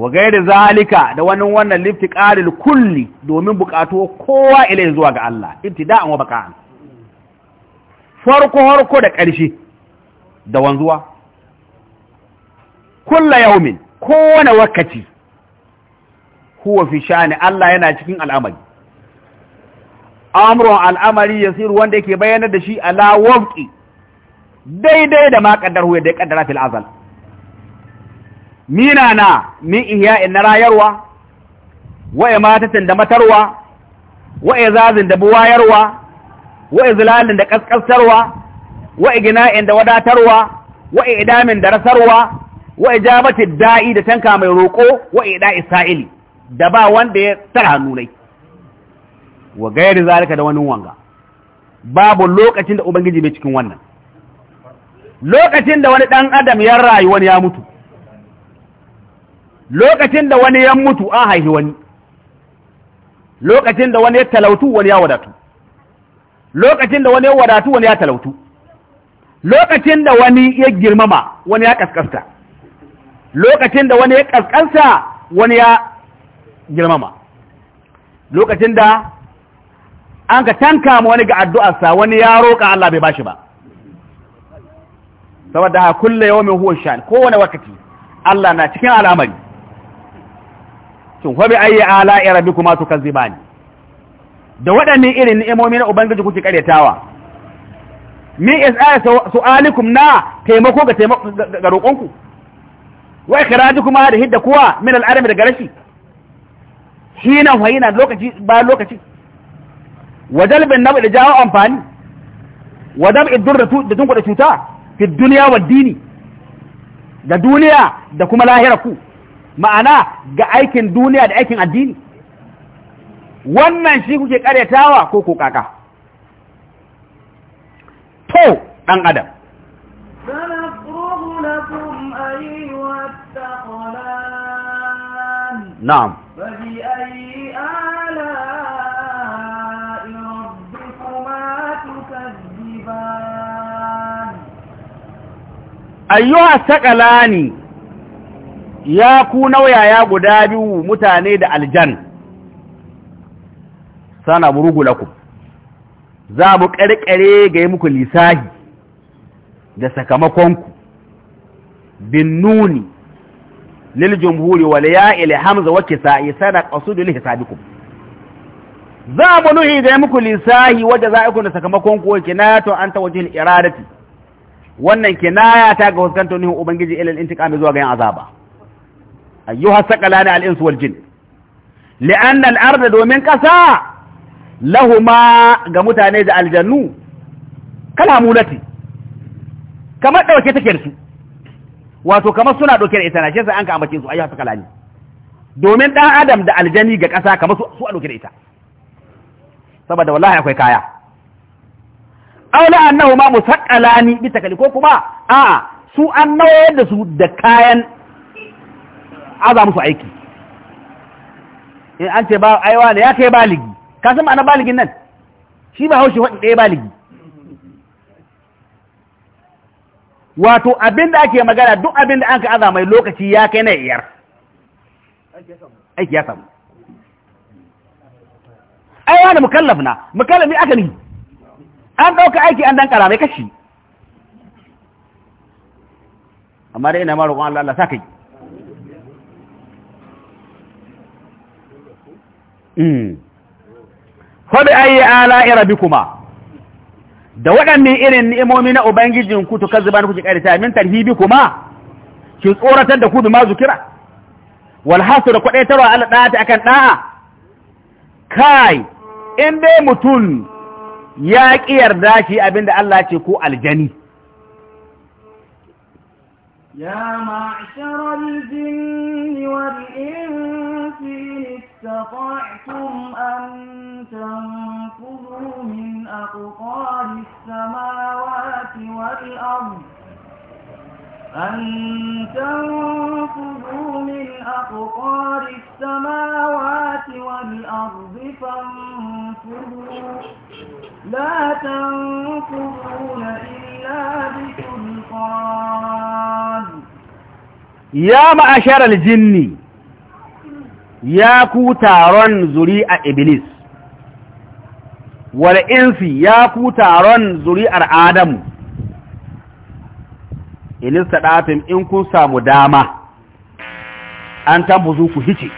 wa gairi zalika da wani wannan ƙarin kulli domin bukatu kowa ilai zuwa ga Allah da'an wa baqa'an farko harko da ƙarshe da wanzuwa kulla yaumin kowane wakaci huwa fi sha'ani Allah yana cikin al'amari amrun al'amari yasiru wanda yake bayyanar da shi ala wafqi daidai da ma qaddara huwa da qaddara fil azal mina na min ihya'in na rayarwa wa ta da matarwa waye zazin da buwayarwa waye izlalin da kaskasarwa wa igna'in da wadatarwa waye idamin da rasarwa waye ijabati da'i da tanka mai roko waye da sa'ili da ba wanda ya tara nunai wa gairi zalika da wani wanga babu lokacin da ubangiji bai cikin wannan lokacin da wani dan adam ya rayu wani ya mutu lokacin da wani ya mutu an haihi wani lokacin da wani ya talautu wani ya wadatu lokacin da wani ya wadatu wani ya talautu lokacin da wani ya girmama wani ya kaskasta lokacin da wani ya kaskasta wani ya girmama lokacin da an ka tanka wani ga addu'arsa wani ya roƙa Allah bai bashi ba saboda ha kulle yawmin huwa shan kowane wakati Allah na cikin al'amari shin wa bi ayyi ala'i rabbikuma tukazzibani da waɗanne irin ni'imomi na ubangiji kuke karyatawa min is'a su'alikum na taimako ga taimako ga roƙonku wa kuma da hidda kuwa min al'adami daga rashi hina wa hina lokaci bayan lokaci wa bin nabi da jawo amfani wa dab'i durra da tunkuda cuta fi duniya wa dini da duniya da kuma lahira ku ma'ana ga aikin duniya da aikin addini wannan shi kuke karyatawa ko ko kaka to dan adam na'am Ayyuwa saƙalani ya ku nauyaya guda biyu mutane da aljan sana burugu ku. za mu ƙarƙare ga yi muku lisahi da sakamakonku bin nuni lil jumhuri wal ya'il hamza wa kisa'i sana qasudu li hisabikum za mu nuhi ga muku lisahi za ku da sakamakon ku to an ta wajin iradati wannan kinaya ta ga huskantar nuhin ubangiji ilal intiqami zuwa ga yin azaba ayyuha saqalani al-insu wal jin li'anna al-arda domin kasa lahuma ga mutane da aljannu kala mulati kamar dauke take da su wato kamar suna dauke da ita na shi sai an ka ambace su ayyuha saqalani domin dan adam da aljani ga kasa kamar su su a dauke da ita saboda wallahi akwai kaya aula annahuma musaqqalani bi takali ko kuma a su an nawo da su da kayan aza musu aiki in an ce ba aiwa ne ya kai baligi ka san ma'ana baligin nan shi ba haushi wadda ɗaya baligi wato abin da ake magana duk abin da an ka aza mai lokaci ya kai na iyar aiki ya samu aiwa ne mukallaf na mukallafi aka ni an ɗauka aiki an dan ƙara mai kashi amma dai ina ma roƙon Allah Allah sa kai Mm. Fabi ayi ala irabi kuma, da waɗannan irin ni'imomi na Ubangijin ku tukar zuba kuke ƙarita min tarhibi kuma, ki tsoratar da ku bi ma zukira, walhasu da kwaɗaitarwa ala ɗata akan ɗa'a, kai, in dai mutum ya ƙi yarda shi abinda Allah ce ko aljani. Ya استطعتم أن تنفذوا من أقطار السماوات والأرض أن تنفذوا من أقطار السماوات والأرض فانفذوا لا تنفذون إلا بسلطان يا معشر الجني ya ku taron a iblis wal insi ya ku taron zuri'ar adamu inista ɗafin in kun samu dama an tambuzu ku hice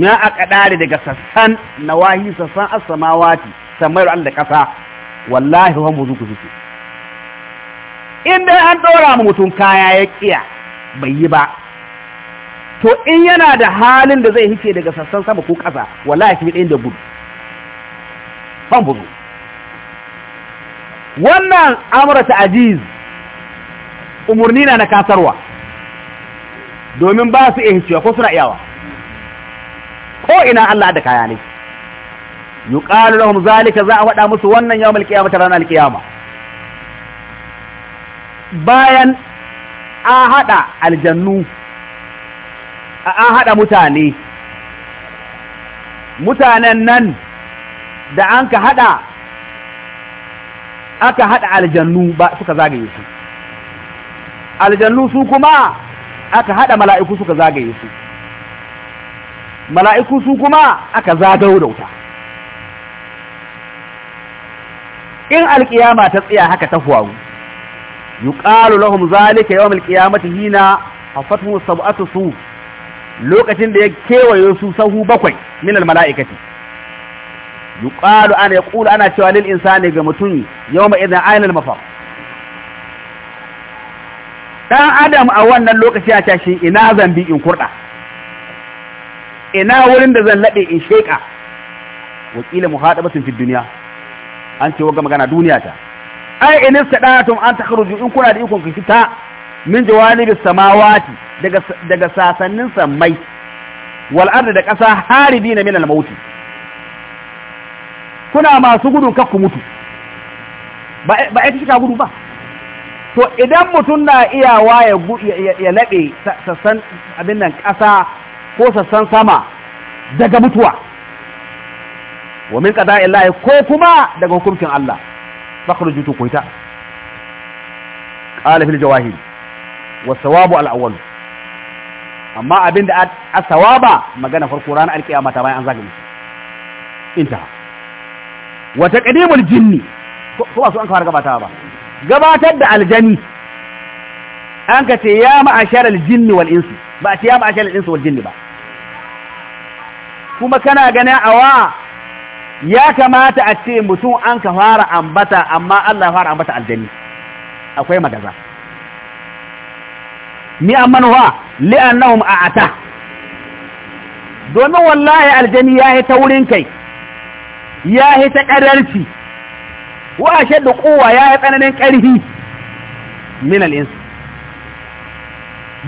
ya a ƙaɗari daga sassan na wahi sassan asamawati samayar an da ƙasa wallahi wa mu zuku hice in dai an ɗora mu mutum kaya ya ƙiya bai yi ba to in yana da halin da zai hice daga sassan sama ko ƙasa wallahi shi ɗayan da gudu ban buzu wannan amurata ta'ajiz umarni na na kasarwa domin ba su iya hicewa ko suna iyawa ko ina Allah da kaya ne yuqalu lahum zalika za a faɗa musu wannan yawon alƙiyama ta ranar alƙiyama. bayan a haɗa aljannu an haɗa mutane mutanen nan da an ka haɗa aka haɗa aljannu ba suka zagaye su aljannu su kuma aka haɗa mala'iku suka zagaye su mala'iku su kuma aka zagayo da wuta in alƙiyama ta tsaya haka ta faru yuƙalu lahum zalika yawm alqiyamati hina hafatuhu sab'atu su' lokacin da ya kewaye su sahu bakwai min almala'ikati yuqalu ana yaqulu ana cewa lil insani ga mutum yawma idan ayna almafar dan adam a wannan lokaci ya tashi ina zambi in kurda ina wurin da zan labe in sheka wakila muhadabatun fi dunya an ce waga magana duniya ta ai in istadatum an takhruju in kuna da ikon ku fita min jawanibi samawati daga daga sasannin sammai wal ardi da ƙasa haribina min al mauti kuna masu gudun kakku mutu ba ba shi ka gudu ba to idan mutum na iyawa ya labe sassan abin nan ƙasa ko sassan sama daga mutuwa wa min qada illahi ko kuma daga hukuncin Allah fakhruju tukuita qala fil jawahiri wa sawabu al-awwal amma abinda a sawaba magana farko ranar alkiyama ta bayan an zaga musu intaha wa taqdimul jinni ko ba su an fara gabata ba gabatar da aljani an ka ce ya ma'ashar aljinni wal insi ba a ce ya ma'ashar aljinsi wal jinni ba kuma kana ganin awa ya kamata a ce mutum an ka fara ambata amma Allah ya fara ambata aljani akwai magaza ni amman wa li'annahum a'ata domin wallahi aljani yahi ta wurin kai yahi ta ƙararci wa shaddu quwa yi tsananin ƙarfi min al-ins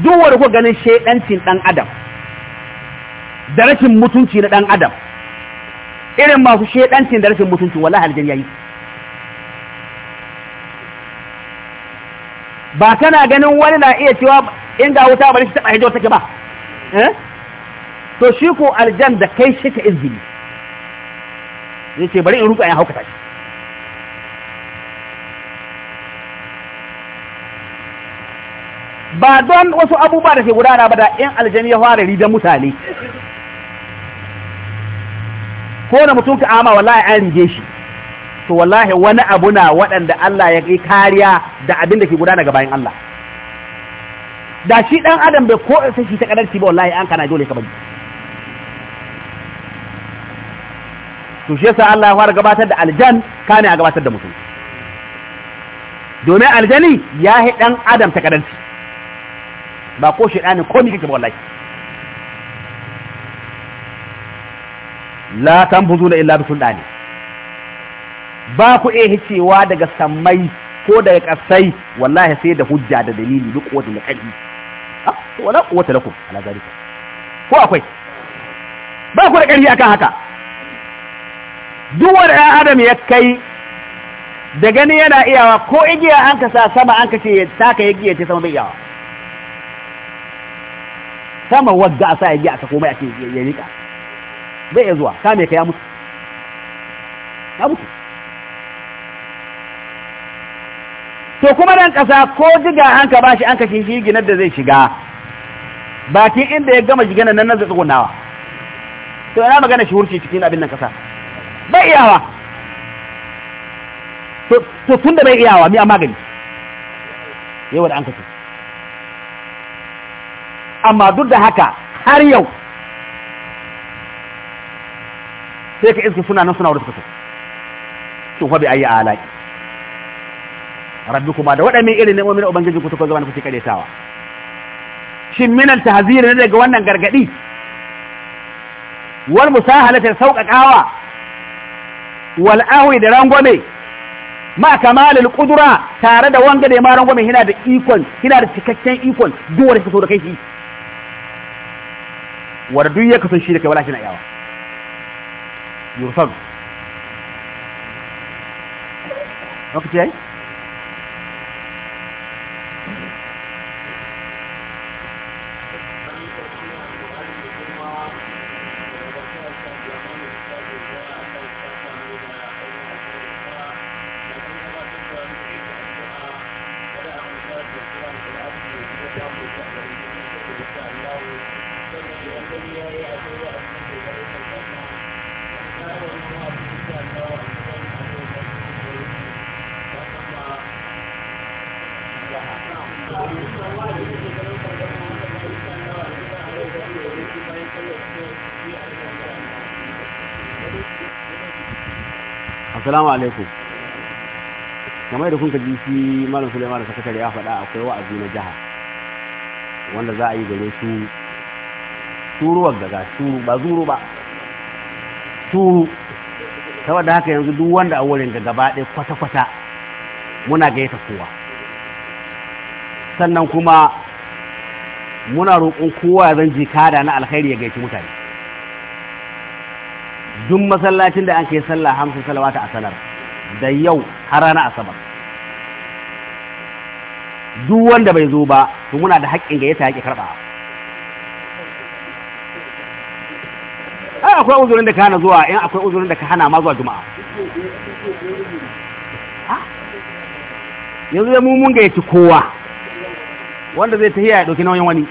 duk wanda ku ganin shedancin dan adam da rashin mutunci na dan adam irin masu shedancin da rashin mutunci wallahi aljani yayi ba kana ganin wani na iya cewa inda wuta bari shi taɓa hijau take ba eh? to shi ko aljan da kai shi ka izini zai ce bari in ruka ya haukata shi ba don wasu abubuwa da ke gudana ba da in aljan ya fara ridan mutane ko da mutum ka ama wallahi an rige shi to wallahi wani abu na waɗanda Allah ya yi kariya da abin da ke gudana ga bayan Allah da shi ɗan adam bai ko sai shi ta kadarci ba wallahi an kana dole ka bari to shi yasa Allah ya fara gabatar da aljan kane a gabatar da mutum domin aljani ya yi ɗan adam ta kadarci ba ko shi ɗani ko ni kake ba wallahi la tanfuzuna illa bi sultani ba ku iya hicewa daga sammai ko daga kasai wallahi sai da hujja da dalili duk wata da kaji wala quwwata lakum ala zalika ko akwai ba ku da ƙarfi akan haka duk wanda ɗan adam ya kai da gani yana iyawa ko igiya an ka sa sama an ka ce ka igiya ce sama bai iyawa sama wadda a sa igiya a sako mai a ce ya rika bai iya zuwa kame ka ya mutu ya mutu to kuma ɗan ƙasa ko diga an ka bashi an ka shi shi ginar da zai shiga bakin inda ya gama jigana nan zai tsugunawa to ina magana shi hurci cikin abin nan ƙasa bai iyawa to tun da bai iyawa mi a magani yawa da an kace amma duk da haka har yau sai ka iske suna nan suna wurin suka to fa bi ayi alaƙi? Rabbi kuma da waɗannan irin ne'o'in na ubangiji ku kuka zama na kuke karetawa shin min al-tahzir ne daga wannan gargadi wal musahalata sauƙaƙawa wal awi da rangwame ma kamalul qudra tare da wanga da ma rangwame yana da ikon yana da cikakken ikon duk wanda so da kai shi wanda duk ya kasance shi da kai wala shi na yawa yurfan lokaci assalamu alaikum kamar da kuka ji malam suleiman da sakatare ya faɗa akwai wa'azi na jiha wanda za a yi gare su turuwar daga turu ba zuru ba turu saboda haka yanzu duk wanda a wurin ga gaba ɗaya kwata-kwata muna gaita kowa sannan kuma muna roƙon kowa zan ji kada na alkhairi ya gaiti mutane duk masallacin da an kai sallah hamsin salawata a sanar da yau har rana asabar duk wanda bai zo ba to muna da haƙƙin ga ya haƙƙi karɓa akwai uzurin da ka hana zuwa in akwai uzurin da ka hana ma zuwa juma'a yanzu zai mun ga yaci kowa wanda zai tahiya ya dauki nauyin wani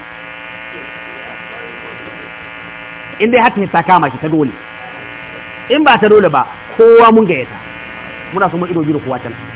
in dai hatta ta kama shi ta dole in ba ta dole ba kowa mun ga yata muna so mu ido biyu da kowa can